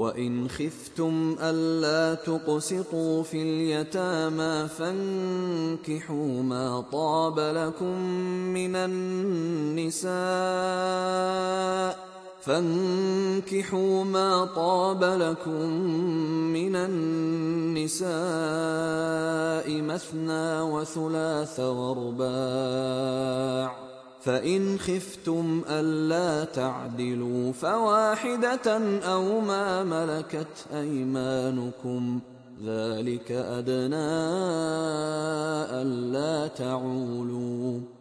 وإن خفتم ألا تقسطوا في اليتامى فانكحوا ما طاب لكم من النساء فانكحوا ما طاب لكم من النساء مثنى وثلاث ورباع فإن خفتم ألا تعدلوا فواحدة أو ما ملكت أيمانكم ذلك أدنى ألا تعولوا